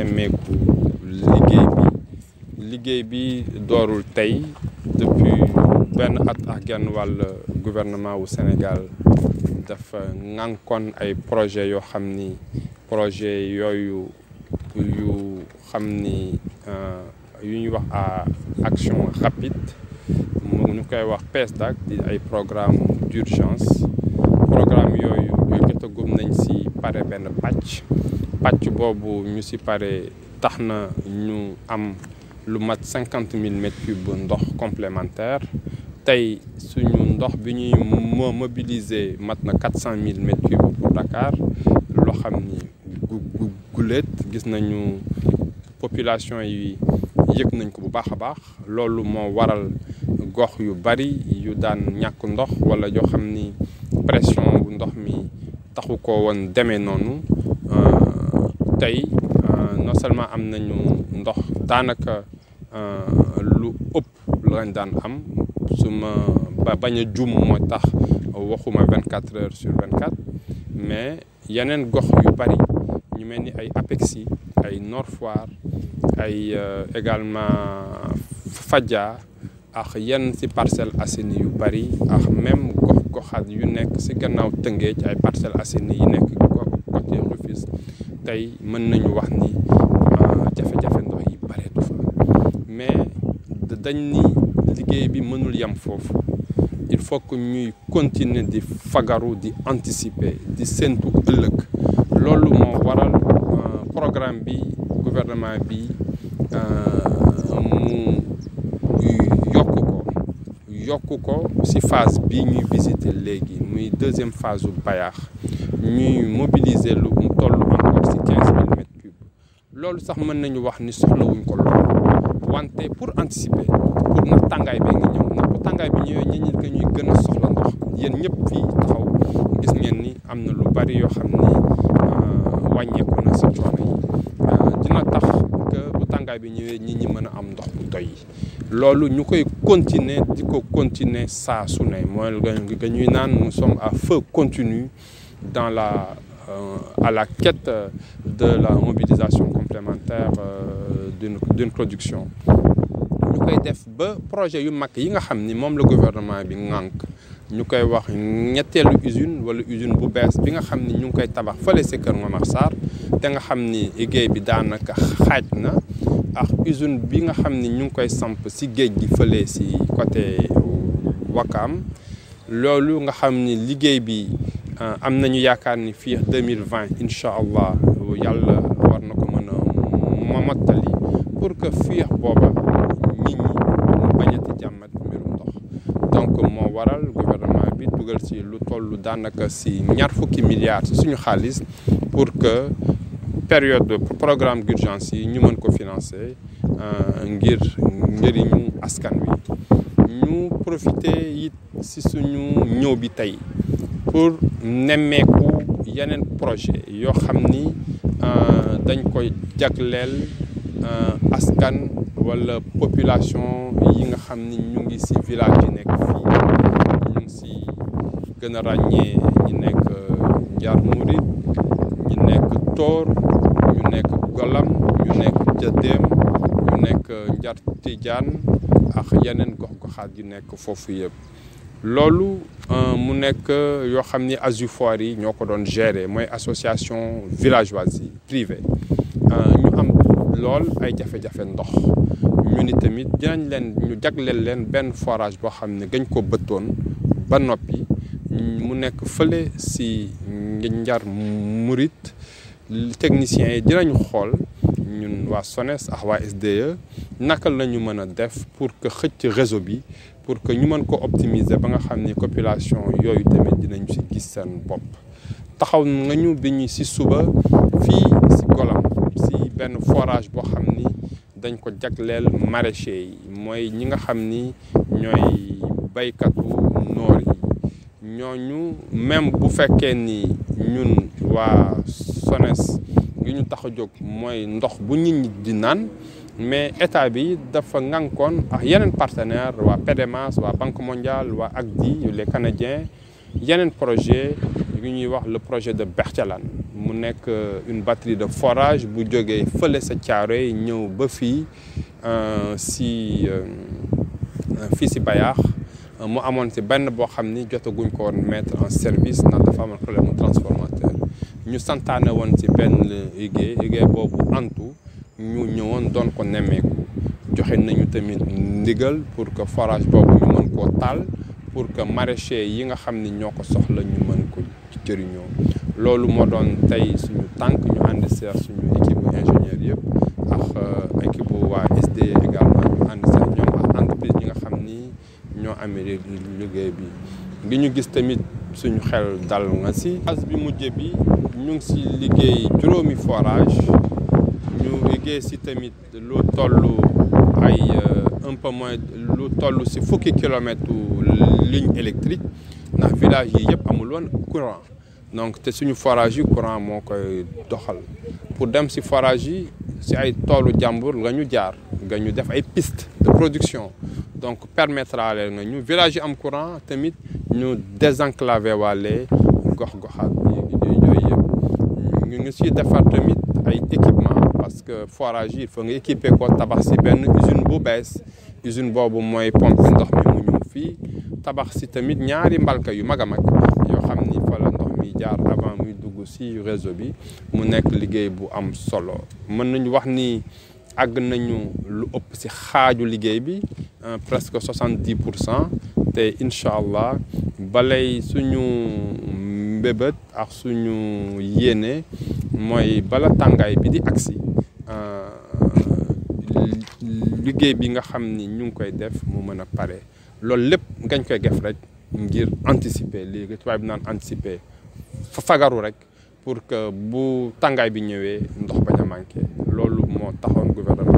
nemmeeku liggéey bi liggéey bi doorul tey depuis benn at ak genn wàll gouvernement wu Sénégal dafa ŋànkoon ay projet yoo xam ni projet yooyu yu xam ni euh, yu ñuy wax à action rapide mu ñu koy wax PSDAC di ay programme d'urgence programme yooyu jotagum nañ ci pare benn pàcc pàcc boobu ñu si pare tax na ñu am lu mat cinquante mille mètres ndox complémentaire tey suñu ndox bi ñuy mobiliser mat na quatre cent mille mètres Dakar loo xam ni gu guléet gis nañu population yi yëg nañ ko bu baax a baax loolu moo waral gox yu bari yu daan ñàkk ndox wala yoo xam ni pression bu ndox mi taxu ko woon demee noonu tey euh, non seulement am nañu ndox daanaka euh, lu ëpp lañ daan am su ma ba bañ a moo tax waxuma vingt quatre heures sur vingt quatre mais yeneen gox yu bari ñu mel ni ay Apexi ay Nord Foire ay euh, également fajaa ak yenn si Parcelles Assainies yu bari ak même gox goxaat yu nekk si gannaaw Tëngéej ay Parcelles Assainies yi nekk. tey mën nañu wax ni euh, jafe-jafe ndox yi bareetu fa mais dañ ni liggéey bi mënul yem foofu il faut que ñuy continuer di fagaru di anticiper di séntu ëllëg loolu moo waral euh, programme bi gouvernement bi euh, mu yokk ko yokk ko ci phase bi ñuy visiter léegi deuxième phase u Bayaax ñuy mobiliser lu toll encore ci quinze mille mètres loolu sax mën nañu wax ni soxlawuñ ko lool wante pour anticiper pour na tàngaay bi nga ñëw ndax bu tàngaay bi ñëwee ñi ñi ko ñuy gën soxla ndox yéen ñëpp fii taxaw gis ngeen ni am na lu bari yoo xam ni euh, wàññeeku na ci coono yi euh, dina tax que bu tàngaay bi ñëwee ñi ñi mën a am ndox bu doy loolu ñu koy continuer di ko continuer saa su ne mooy nga ñuy naan nous sommes à feu continu dans la euh, à la quête de la mobilisation complémentaire euh, d'une production ñu koy def ba projet yu mag yi nga xam ni moom la gouvernement bi ŋànk ñu koy wax ñetteelu usine wala usine bu bees bi nga xam ni ñu ngi koy tabax fële sa kër Momar Sarr te nga xam ni liggéey bi daanaka xaaj na ak usine bi nga xam ni ñu ngi koy samp si géej gi fële si côté Wakaam loolu nga xam ni liggéey bi euh, am nañu yaakaar ni fii 2020 incha allah yàlla war na ko mën a pour que fii booba nit ñi bañati jàmmat mbirum ndox donc moo waral gouvernement bi dugal si lu toll daanaka si ñaar fukki milliards si suñu xaalis pour que période de programme d'urgence yi ñu mën ko financer euh, ngir njëriñu askan wi ñu profiter it ci suñu ñëw bi tey pour nemmeeku yeneen projet yoo xam ni euh, dañ koy jagleel euh, askan walla population yi nga xam ni ñu ngi ci village yi nekk fii ñu ngi gën a ràññee ñi nekk Njaar ñi nekk Tóor ñu nekk Golam ñu nekk Jadem ñu nekk Njar Tijaan ak yeneen gox-goxaat yu nekk foofu yëpp. loolu euh, mu nekk yoo xam ni azufoire yi ñoo ko doon gérer mooy association villageoise yi euh, ñu am lool ay jafe-jafe ndox. ñu ni tamit dinañ leen ñu jagleel leen benn forage boo xam ne gañ ko bëttoon ba noppi mu nekk fële si njar murit techniciens yi dinañu xool ñun waa SONES ak waa SDE naka la ñu mën a def pour que xëcc réseau bi pour que ñu mën ko optimiser ba nga xam ni population yooyu tamit dinañu ci gis seen bopp taxaw nga ñu bi ñu ci suba fii ci Golam ci benn forage boo xam ni dañ ko jagleel maraîchers yi mooy ñi nga xam ni ñooy baykatu noor yi ñooñu même bu fekkee ni ñun waa SONES gi ñu tax a jóg mooy ndox bu nit ñi di naan mais état bi dafa ngànkoon ak yeneen partenaire waa PDMAS waa Banque mondiale waa AGDI les Canadiens yeneen projet yu ñuy wax le projet de Bertialane mu nekk euh, une batterie de forage bu jógee fële sa caaro Thiaroye ñëw ba fii euh, si euh, fii si Bayaax mu amoon si benn boo xam ni jotaguñ ko woon mettre service ndax dafa amoon problème mu ñu santaane woon ci benn liggéey liggéey boobu antu ñu ñëwoon doon ko nemmeeku joxe nañu tamit ndigal pour que forage boobu ñu mën koo taal pour que maraîcher yi nga xam ni ñoo ko soxla ñu mën ko jëriñoo loolu moo doon tey suñu tànk ñu ànd seer suñu équipe ingénieur yëpp ak euh, équipe waa SDE également ñu ànd seer ñoom ak entreprise yi nga xam ni ñoo amee liggéey bi li ñu gis tamit suñu xel dal nga si phase bi mujj bi ñu ngi si liggéey juróomi forage ñu liggéey si tamit lu toll ay euh, un peu moins lu toll si fukki kilomètre ligne électrique ndax village yi yëpp amuloon woon donc te suñu forage yi moo koy doxal pour dem si forage yi si ay toolu jàmbur nga ñu jaar nga ñu def ay piste de production donc permettre ale na ñu village am courant tamit ñu désenclavé waale gox-goxaat ñu si defar tamit ay équipement parce que forage yi il faut nga équiper ko tabax si benn usine bu bees usine boobu mooy pompe ndox mi mu ñëw fii tabax si tamit ñaari mbalka yu mag a mag yoo xam ni fa la ndox mi jaar avant muy dugg si réseau bi mu nekk liggéey bu am solo mën nañu wax ni àgg nañu lu ëpp si xaaju liggéey bi euh, presque soixante-dix pour cent te incha allah balay ñu mbébét ak su ñu yéene mooy bala tàngaay bi di agsi euh, liggéey bi nga xam ni ñu ngi koy def mu mën a pare loolu lépp ngañ koy def rek ngir anticiper léegi tubaab bi naan anticiper fa fagaru rek pour que bu tàngaay bi ñëwee ndox bañ a loolu moo taxoon gouvernement